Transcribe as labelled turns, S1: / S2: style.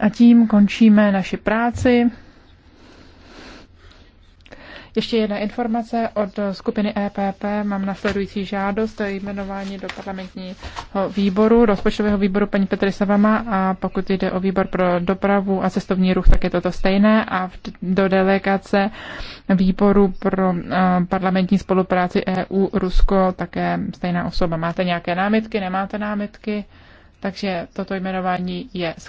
S1: A tím končíme naši práci. Ještě jedna informace od skupiny EPP. Mám nasledující žádost, o jmenování do parlamentního výboru, rozpočtového výboru paní Petry Savama a pokud jde o výbor pro dopravu a cestovní ruch, tak je toto stejné a do delegace výboru pro eh, parlamentní spolupráci EU-Rusko také stejná osoba. Máte nějaké námitky, nemáte námitky? Takže toto jmenování
S2: je